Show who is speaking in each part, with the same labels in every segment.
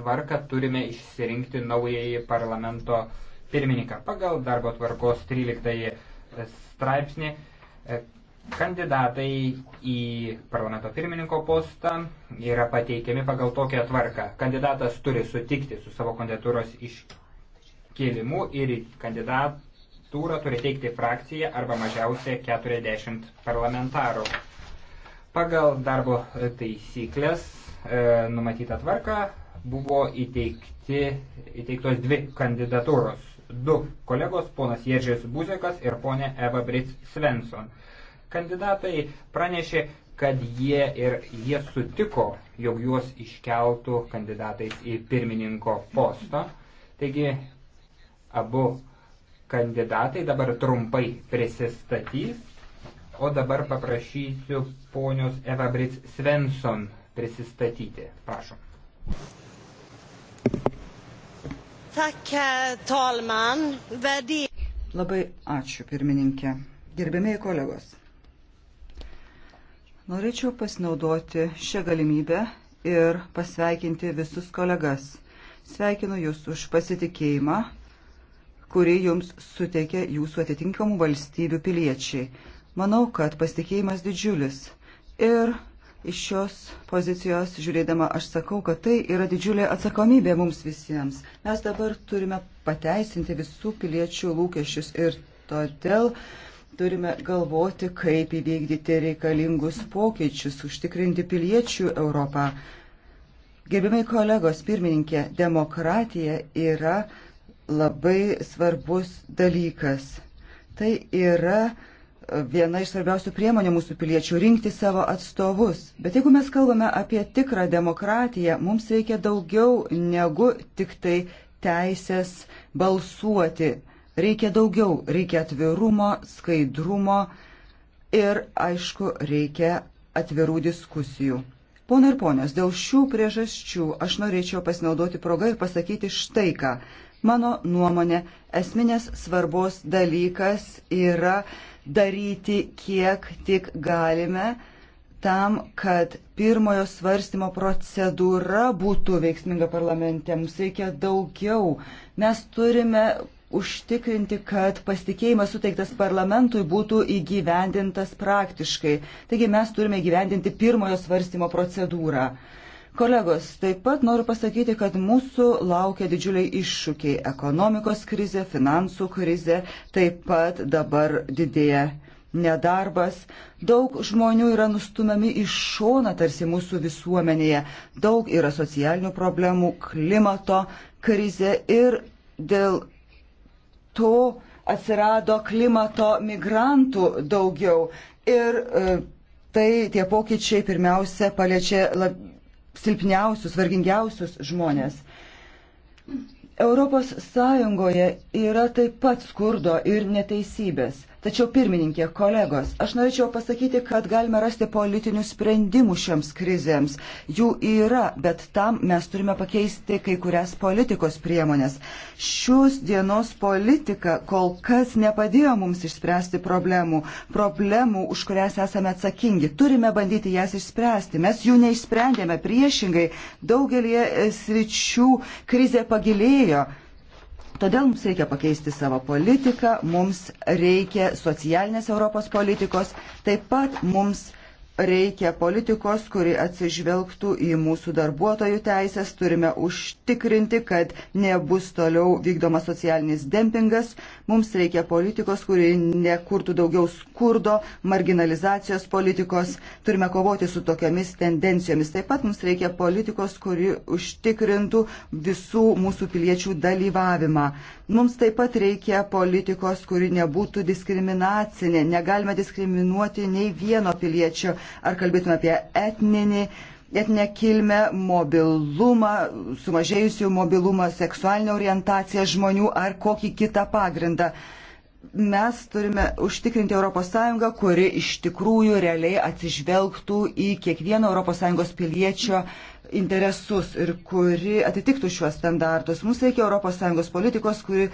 Speaker 1: tvarką turime išsirinkti naująjį parlamento pirmininką. Pagal darbo tvarkos 13 straipsnį e, kandidatai į parlamento pirmininko postą yra pateikiami pagal tokią tvarką. Kandidatas turi sutikti su savo kandidatūros iškėlimu ir kandidatūrą turi teikti frakcija arba mažiausiai 40 parlamentarų. Pagal darbo taisyklės e, numatytą tvarką buvo įteikti, įteiktos dvi kandidatūros. Du kolegos, ponas Jeržės Buzekas ir ponė Eva Brit Svensson. Kandidatai pranešė, kad jie ir jie sutiko, jog juos iškeltų kandidatais į pirmininko postą. Taigi abu kandidatai dabar trumpai prisistatys, o dabar paprašysiu ponios Eva Brits Svensson prisistatyti. Prašom.
Speaker 2: Tak, talman. Vedi.
Speaker 3: Labai ačiū, pirmininkė. Gerbėmiai kolegos. Norėčiau pasinaudoti šią galimybę ir pasveikinti visus kolegas. Sveikinu Jūs už pasitikėjimą, kurį Jums suteikia Jūsų atitinkamų valstybių piliečiai. Manau, kad pasitikėjimas didžiulis. Ir Iš šios pozicijos žiūrėdama aš sakau, kad tai yra didžiulė atsakomybė mums visiems. Mes dabar turime pateisinti visų piliečių lūkesčius ir todėl turime galvoti, kaip įvykdyti reikalingus pokyčius, užtikrinti piliečių Europą. Gerbimai kolegos, pirmininkė, demokratija yra labai svarbus dalykas. Tai yra viena iš svarbiausių priemonių mūsų piliečių - rinkti savo atstovus. Bet jeigu mes kalbame apie tikrą demokratiją, mums reikia daugiau negu tik tai teisės balsuoti. Reikia daugiau, reikia atvirumo, skaidrumo ir, aišku, reikia atvirų diskusijų. Pona ir ponios, dėl šių priežasčių aš norėčiau pasinaudoti progą ir pasakyti štai ką. Mano nuomonė, esminės svarbos dalykas yra daryti kiek tik galime tam, kad pirmojo svarstymo procedūra būtų veiksminga parlamente. Mums reikia daugiau. Mes turime užtikrinti, kad pasitikėjimas suteiktas parlamentui būtų įgyvendintas praktiškai. Taigi mes turime įgyvendinti pirmojo svarstymo procedūrą. Kolegos, taip pat noriu pasakyti, kad mūsų laukia didžiuliai iššūkiai - ekonomikos krizė, finansų krizė, taip pat dabar didėja nedarbas. Daug žmonių yra nustumiami iš šona tarsi mūsų visuomenėje, daug yra socialinių problemų, klimato krizė ir dėl to atsirado klimato migrantų daugiau. Ir e, tai tie pokyčiai pirmiausia paliečia lab, silpniausius, vargingiausius žmonės. Europos Sąjungoje yra taip pat skurdo ir neteisybės. Tačiau, pirmininkė, kolegos, aš norėčiau pasakyti, kad galime rasti politinių sprendimų šioms krizėms. Jų yra, bet tam mes turime pakeisti kai kurias politikos priemonės. Šios dienos politika kol kas nepadėjo mums išspręsti problemų, problemų, už kurias esame atsakingi. Turime bandyti jas išspręsti. Mes jų neišsprendėme priešingai. Daugelį sričių krizė pagilėjo. Todėl mums reikia pakeisti savo politiką, mums reikia socialinės Europos politikos, taip pat mums reikia reikia politikos, kuri atsižvelgtų į mūsų darbuotojų teisės, turime užtikrinti, kad nebus toliau vykdomas socialinis dempingas, mums reikia politikos, kuri nekurtų daugiau skurdo, marginalizacijos politikos, turime kovoti su tokiamis tendencijomis. Taip pat mums reikia politikos, kuri užtikrintų visų mūsų piliečių dalyvavimą. Mums taip pat reikia politikos, kuri nebūtų diskriminacinė. Negalime diskriminuoti nei vieno piliečio, ar kalbėtume apie etninį etinę kilmę, mobilumą, sumažėjusių mobilumą, seksualinę orientaciją žmonių ar kokį kitą pagrindą. Mes turime užtikrinti ES, kuri iš tikrųjų realiai atsižvelgtų į kiekvieno ES piliečio uh, interesus ir kuri atitiktų šiuos standartus. Mums reikia ES politikos, kuri e,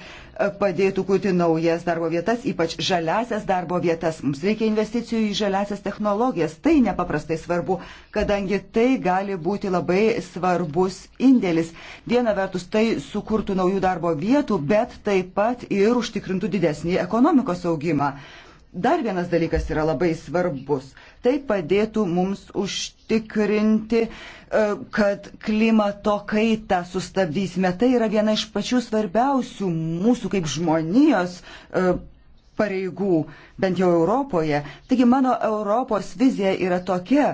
Speaker 3: padėtų kurti naujas darbo vietas, ypač žaliasias darbo vietas. Mums reikia investicijų į žaliasias technologijas. Tai nepaprastai svarbu, kadangi tai gali būti labai svarbus indėlis. Viena vertus tai sukurtų naujų darbo vietų, bet taip pat ir užtikrintų didesnį ekonomikos augimą. Dar vienas dalykas yra labai svarbus. Tai padėtų mums užtikrinti, e, kad klimato kaitą sustabdysime. Tai yra viena iš pačių svarbiausių mūsų kaip žmonijos e, pareigų, bent jau Europoje. Taigi mano Europos vizija yra tokia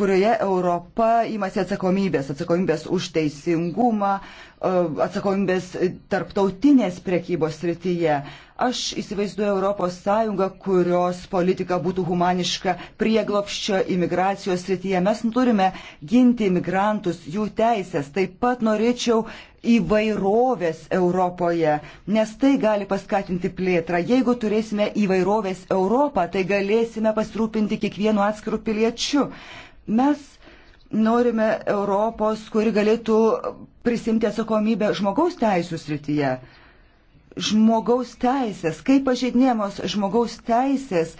Speaker 3: kurioje Europa įmasi atsakomybės, atsakomybės už teisingumą, e, atsakomybės tarptautinės prekybos srityje. Aš įsivaizduoju Europos Sąjungą, kurios politika būtų humaniška prieglopščio imigracijos srityje. Mes turime ginti imigrantus, jų teisės. Taip pat norėčiau įvairovės Europoje, nes tai gali paskatinti plėtrą. Jeigu turėsime įvairovės Europą, tai galėsime pasirūpinti kiekvienu atskiru piliečiu. Mes norime Europos, kuri galėtų prisimti atsakomybę žmogaus teisų srityje. Žmogaus teisės, kaip pažeidinėjamos žmogaus teisės,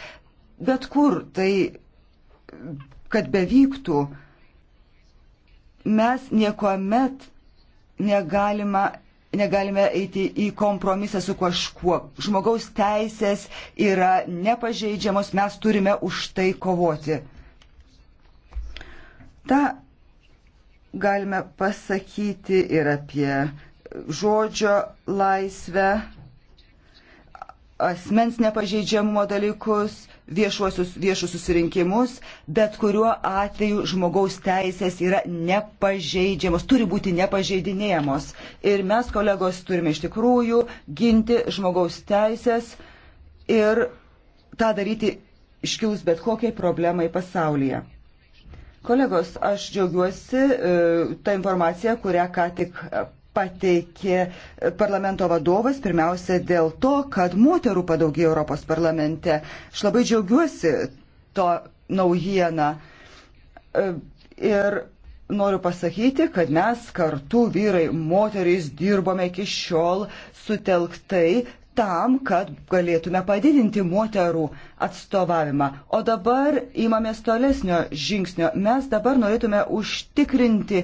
Speaker 3: bet kur tai, kad bevyktų, mes niekuomet negalima, negalime eiti į kompromisą su kažkuo. Žmogaus teisės yra nepažeidžiamos, mes turime už tai kovoti. Ta galime pasakyti ir apie žodžio laisvę, asmens nepažeidžiamumo dalykus, viešuosius, viešus susirinkimus, bet kuriuo atveju žmogaus teisės yra nepažeidžiamos, turi būti nepažeidinėjamos. Ir mes, kolegos, turime iš tikrųjų ginti žmogaus teisės ir tą daryti iškilus bet kokiai problemai pasaulyje. Kolegos, aš džiaugiuosi e, tą informaciją, kurią ką tik e, pateikė e, parlamento vadovas, pirmiausia dėl to, kad moterų padaugėjo Europos parlamente. Aš labai džiaugiuosi to naujieną. Ir noriu pasakyti, kad mes kartu vyrai, moterys dirbome iki šiol sutelktai tam, kad galėtume padidinti moterų atstovavimą. O dabar įmamės tolesnio žingsnio. Mes dabar norėtume užtikrinti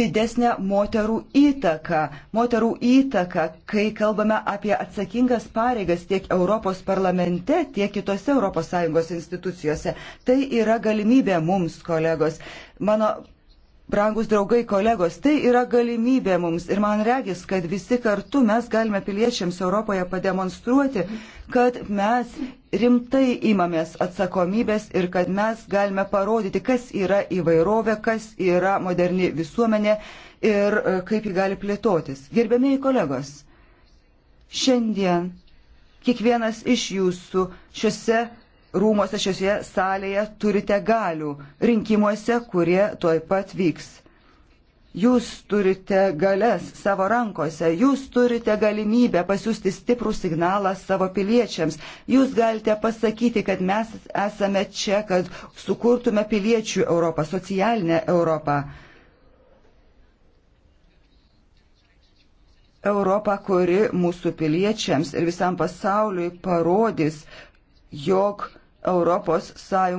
Speaker 3: didesnę moterų įtaką. Moterų įtaką, kai kalbame apie atsakingas pareigas tiek Europos parlamente, tiek kitose ES institucijose. Tai yra galimybė mums, kolegos. Mano Brangus draugai, kolegos, tai yra galimybė mums ir man regis, kad visi kartu mes galime piliečiams Europoje pademonstruoti, kad mes rimtai imamės atsakomybės ir kad mes galime parodyti, kas yra įvairovė, kas yra moderni visuomenė ir e, kaip ji gali plėtotis. Gerbėmiai kolegos, šiandien kiekvienas iš jūsų šiuose rūmose šioje salėje turite galių rinkimuose, kurie tuoj pat vyks. Jūs turite galės savo rankose, jūs turite galimybę pasiūsti stiprų signalą savo piliečiams. Jūs galite pasakyti, kad mes esame čia, kad sukurtume piliečių Europą, socialinę Europą. Europą, kuri mūsų piliečiams ir visam pasauliui parodys, jog ES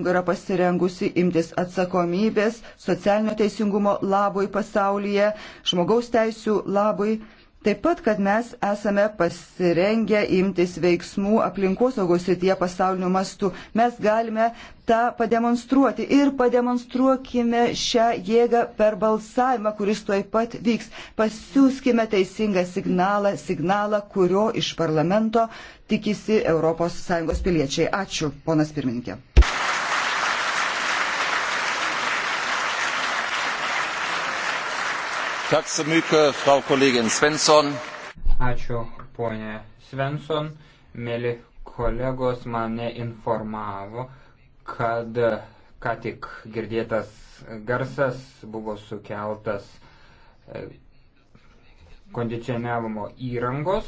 Speaker 3: yra pasirengusi imtis atsakomybės socialinio teisingumo labui pasaulyje, žmogaus teisų labui Taip pat, kad mes esame pasirengę imtis veiksmų aplinkosaugos srityje pasauliniu mastu. Mes galime tą pademonstruoti ir pademonstruokime šią jėgą per balsavimą, kuris tuoj pat vyks. Pasiūskime teisingą signalą, signalą, kurio iš parlamento tikisi ES piliečiai. Ačiū, ponas pirmininkė.
Speaker 2: Ačiū,
Speaker 1: ponė Svensson. Mėly kolegos mane informavo, kad ką tik girdėtas garsas buvo sukeltas e, kondicionavimo įrangos,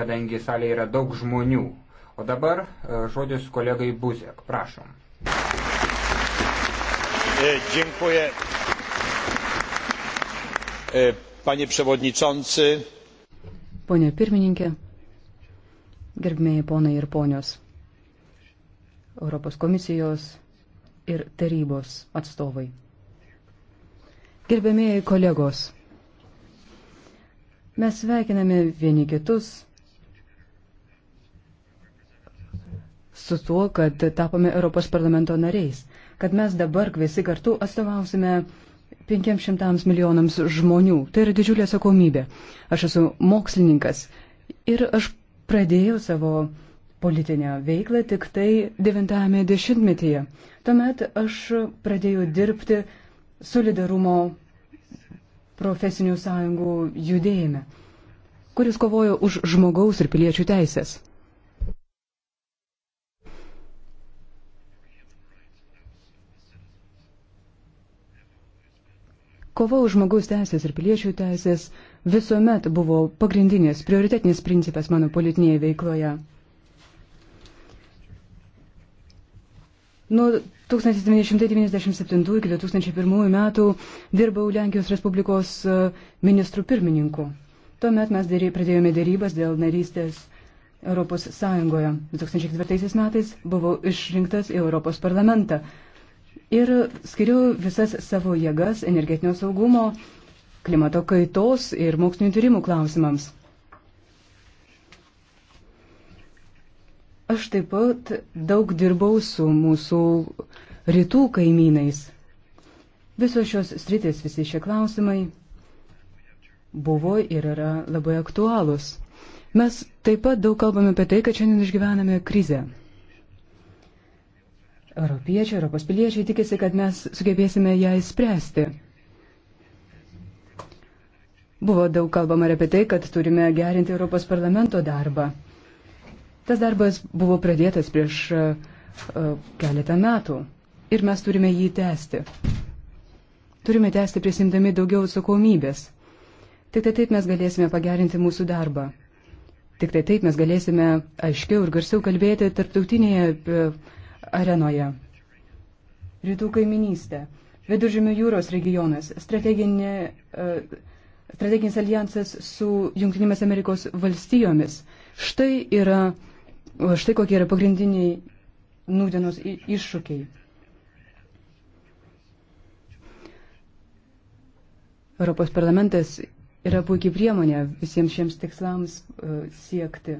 Speaker 1: kadangi salėje yra daug žmonių. O dabar e, žodis kolegai Buzek, prašom.
Speaker 2: E, dziękuję. E, panie Przewodniczący.
Speaker 4: Pone pirmininkė, gerbėjai ponai ir ponios, Europos komisijos ir tarybos atstovai. Gerbėmėjai kolegos, mes sveikiname vieni kitus su tuo, kad tapome Europos parlamento nariais, kad mes dabar visi kartu atstovausime 500 milijonams žmonių. Tai yra didžiulė atsakomybė. Aš esu mokslininkas ir aš pradėjau savo politinę veiklą tik tai 90-ame dešimtmetyje. Tuomet aš pradėjau dirbti solidarumo profesinių sąjungų judėjime, kuris kovojo už žmogaus ir piliečių teisės. Kova už žmogaus teisės ir piliečių teisės visuomet buvo pagrindinis, prioritetinis principas mano politinėje veikloje. Nuo 1997 iki 2001 metų dirbau Lenkijos Respublikos e, ministrų pirmininku. Tuomet mes dėry, pradėjome dėrybas dėl narystės Europos Sąjungoje. 2004 metais buvau išrinktas į Europos parlamentą ir skiriu visas savo jėgas energetinio saugumo, klimato kaitos ir mokslinio tyrimų klausimams. Aš taip pat daug dirbau su mūsų rytų kaimynais. Visos šios sritis, visi šie klausimai buvo ir yra labai aktualūs. Mes taip pat daug kalbame apie tai, kad šiandien išgyvename krizę. Europiečiai, Europos piliečiai tikisi, kad mes sugebėsime ją įspręsti. Buvo daug kalbama ir apie tai, kad turime gerinti Europos parlamento darbą. Tas darbas buvo pradėtas prieš uh, keletą metų ir mes turime jį tęsti. Turime tęsti prisimdami daugiau atsakomybės. Tik tai taip mes galėsime pagerinti mūsų darbą. Tik tai taip mes galėsime aiškiau ir garsiau kalbėti tarptautinėje. Uh, arenoje. Rytų kaiminystė, Viduržymio jūros regionas, strateginė, e, strateginis alijansas su Junktinėmis Amerikos valstijomis. Štai, yra, štai kokie yra pagrindiniai nūdienos iššūkiai. Europos parlamentas yra puikiai priemonė visiems šiems tikslams e, siekti.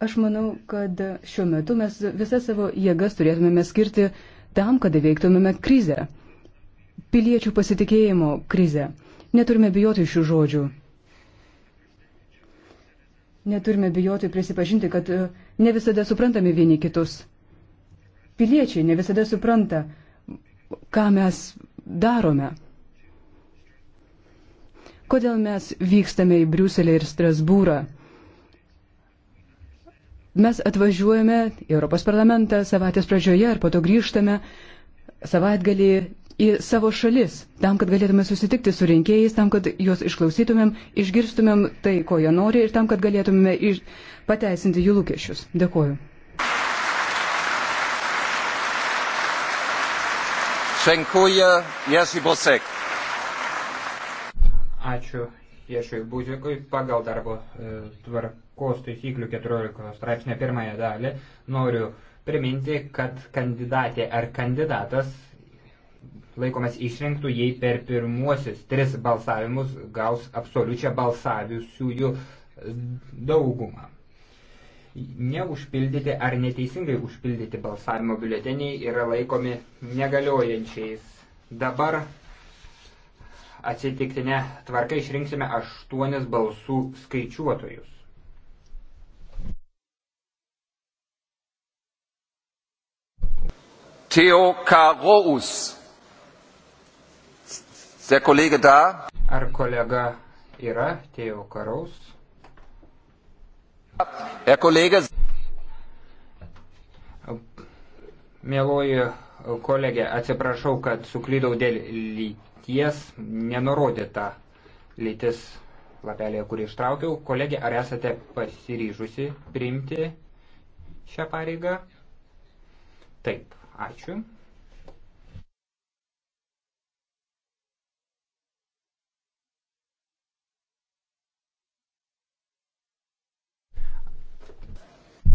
Speaker 4: Aš manau, kad šiuo metu mes visą savo jėgas turėtumėme skirti tam, kad įveiktumėme krizę. Piliečių pasitikėjimo krizę. Neturime bijoti šių žodžių. Neturime bijoti prisipažinti, kad e, ne visada suprantame vieni kitus. Piliečiai ne visada supranta, ką mes darome. Kodėl mes vykstame į Briuselį ir Strasbūrą? Mes atvažiuojame į Europos parlamentą savaitės pradžioje ir po to grįžtame savaitgalį į savo šalis, tam, kad galėtume susitikti su rinkėjais, tam, kad juos išklausytumėm, išgirstumėm tai, ko jie nori ir tam, kad galėtumėme iš... pateisinti jų lūkesčius. Dėkuoju.
Speaker 2: Dziękuję, Jerzy Bosek.
Speaker 1: Ačiū viešojų būdžiagui pagal darbo e, tvarkos taisyklių 14 straipsnio pirmąją dalį noriu priminti, kad kandidatė ar kandidatas laikomas išrinktų, jei per pirmuosius tris balsavimus gaus absoliučią balsavusiųjų daugumą. Neužpildyti ar neteisingai užpildyti balsavimo biuleteniai yra laikomi negaliojančiais. Dabar atsitiktinę tvarką išrinksime aštuonis balsų skaičiuotojus.
Speaker 2: Theo Karous. Der Kollege da?
Speaker 1: Ar kolega yra Theo Karaus? Herr Kollege. Mėloji kolegė, atsiprašau, kad suklydau dėl lyties, nenurodyta lytis lapelėje, kurį ištraukiau. Kolegė, ar esate pasiryžusi priimti šią pareigą? Taip, ačiū.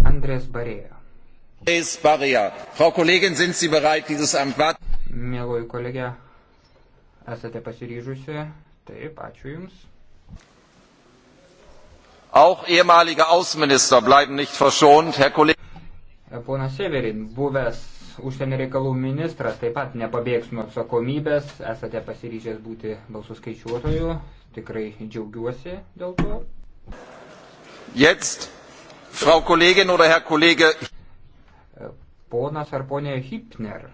Speaker 1: Andrės Barėjo.
Speaker 2: Mėloji
Speaker 1: kolegė, esate pasiryžusi? Taip, ačiū Jums.
Speaker 2: Auch ehemalige Außenminister bleiben nicht verschont, Herr Kollege.
Speaker 1: E, Pona Severin, buvęs užsienio reikalų ministras taip pat nepabėgs nuo atsakomybės, esate pasiryžęs būti balsų skaičiuotoju, tikrai džiaugiuosi dėl to.
Speaker 2: Jetzt, Frau Kollegin oder Herr Kollege.
Speaker 1: Ponas ar ponė Hipner.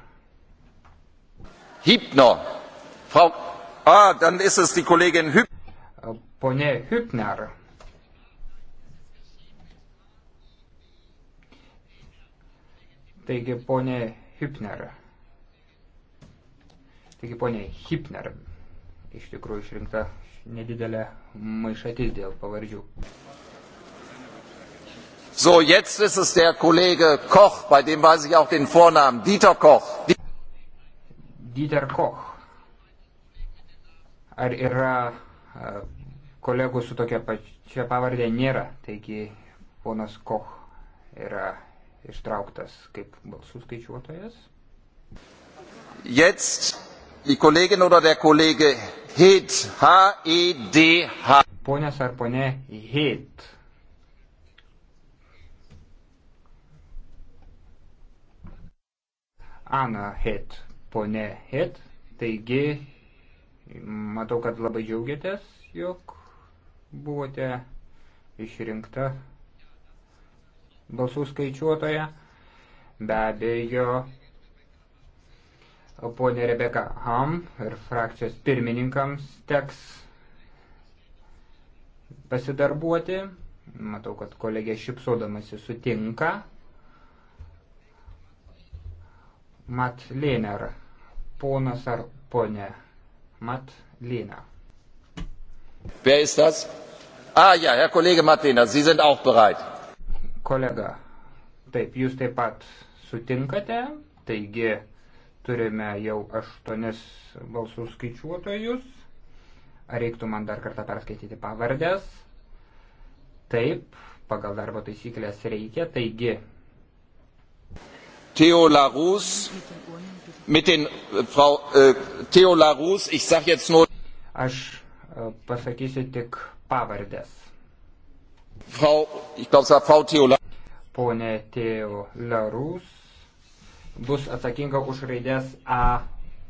Speaker 1: Hipno. Frau. Ah, dann ist es die Kollegin Hübner. Ponė Hübner. Taigi, ponė Hübner. Taigi, ponė Hübner iš tikrųjų išrinkta nedidelė maišatis dėl pavardžių.
Speaker 2: So, jetzt ist es der Kollege Koch, bei dem weiß ich auch den Vornamen, Dieter
Speaker 1: Koch. Dieter Koch. Ar yra kolegų su tokia pačia pavardė? Nėra. Taigi, ponas Koch yra ištrauktas kaip balsų skaičiuotojas.
Speaker 2: Jetzt die Kollegin oder der Kollege Hed,
Speaker 1: H-E-D-H. Ponas ar ponė Hed. Ana Het, ponė Het. Taigi, matau, kad labai džiaugiatės, jog buvote išrinkta balsų skaičiuotoja. Be abejo, ponė Rebeka Ham ir frakcijos pirmininkams teks pasidarbuoti. Matau, kad kolegė šipsodamasi sutinka. Mat Lėner. Ponas ar ponė. Mat Lėner.
Speaker 2: Wer ist das? Ah ja, Herr Kollege Martina, Sie sind auch bereit.
Speaker 1: Kolega, taip, jūs taip pat sutinkate, taigi turime jau aštuonis balsų skaičiuotojus. Ar reiktų man dar kartą perskaityti pavardės? Taip, pagal darbo taisyklės reikia, taigi
Speaker 2: Theo Larus mit den äh, Frau äh, Theo Larus, ich sage jetzt nur
Speaker 1: Aš äh, pasakysiu tik pavardės. Frau, ich glaube, es war Frau Theo Larus. Pone Theo Larus bus atsakinga už raidės A,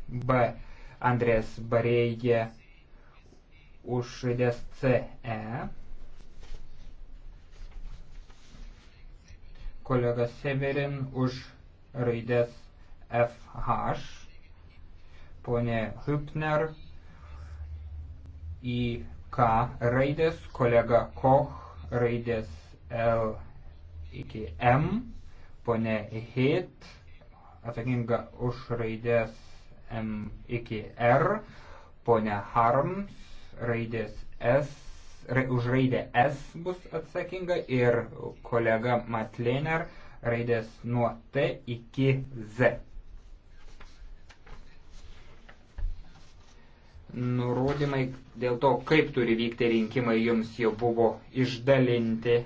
Speaker 1: B. Andrės Bareigė už raidės C, E. Kolega Severin už raidės FH, ponė Hübner į K raidės, kolega Koch raidės L iki M, ponė Hit atsakinga už raidės M iki R, ponė Harms raidės S už raidę S bus atsakinga ir kolega Matlener raidės nuo T iki Z. Nurodymai dėl to, kaip turi vykti rinkimai, jums jau buvo išdalinti.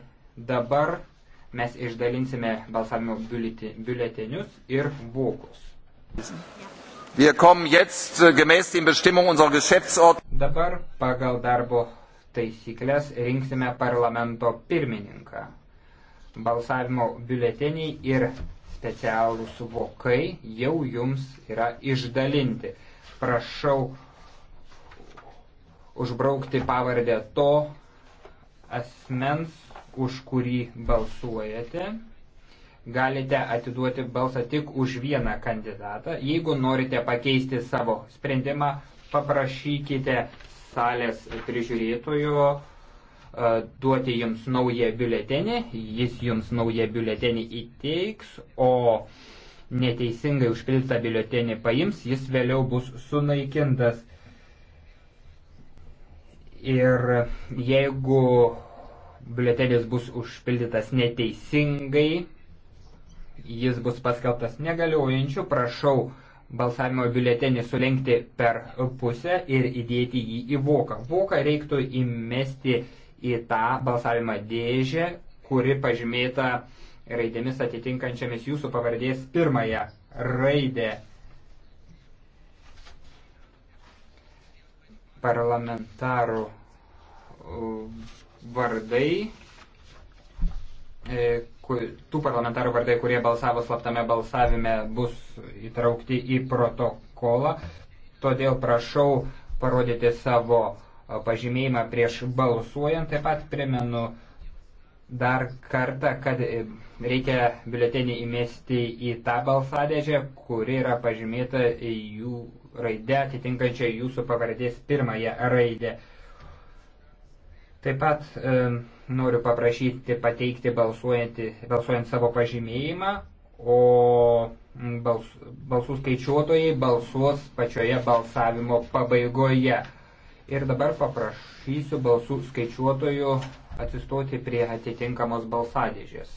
Speaker 1: Dabar mes išdalinsime balsavimo biuletenius ir vokus.
Speaker 2: Wir kommen jetzt äh, gemäß den Bestimmungen unserer Geschäftsordnung.
Speaker 1: Dabar pagal darbo taisyklės rinksime parlamento pirmininką balsavimo biuleteniai ir specialų suvokai jau jums yra išdalinti. Prašau užbraukti pavardę to asmens, už kurį balsuojate. Galite atiduoti balsą tik už vieną kandidatą. Jeigu norite pakeisti savo sprendimą, paprašykite salės prižiūrėtojo duoti jums naują biuletenį, jis jums naują biuletenį įteiks, o neteisingai užpildytą biuletenį paims, jis vėliau bus sunaikintas. Ir jeigu biuletenis bus užpildytas neteisingai, jis bus paskelbtas negaliojančiu, prašau balsavimo biuletenį sulenkti per pusę ir įdėti jį į voką. Voką reiktų įmesti į tą balsavimą dėžę, kuri pažymėta raidėmis atitinkančiamis jūsų pavardės pirmąją raidę. Parlamentarų vardai, e, tų parlamentarų vardai, kurie balsavo slaptame balsavime, bus įtraukti į protokolą. Todėl prašau parodyti savo pažymėjimą prieš balsuojant. Taip pat primenu dar kartą, kad e, reikia biuletenį įmesti į tą balsadėžę, kuri yra pažymėta jų raidę atitinkančią jūsų pavardės pirmąją raidę. Taip pat e, noriu paprašyti pateikti balsuojant savo pažymėjimą, o bals, balsų skaičiuotojai balsuos pačioje balsavimo pabaigoje. Ir dabar paprašysiu balsų skaičiuotojų atsistoti prie atitinkamos balsadėžės.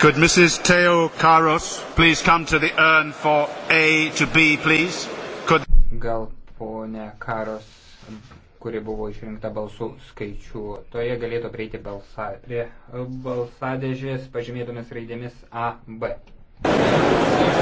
Speaker 4: Could Mrs. Teo Karos please come to
Speaker 1: the urn for A to B, please? Could... Gal ponė Karos, kuri buvo išrinkta balsų skaičių, toje galėtų prieiti balsa, prie balsadėžės pažymėtomis raidėmis A, B.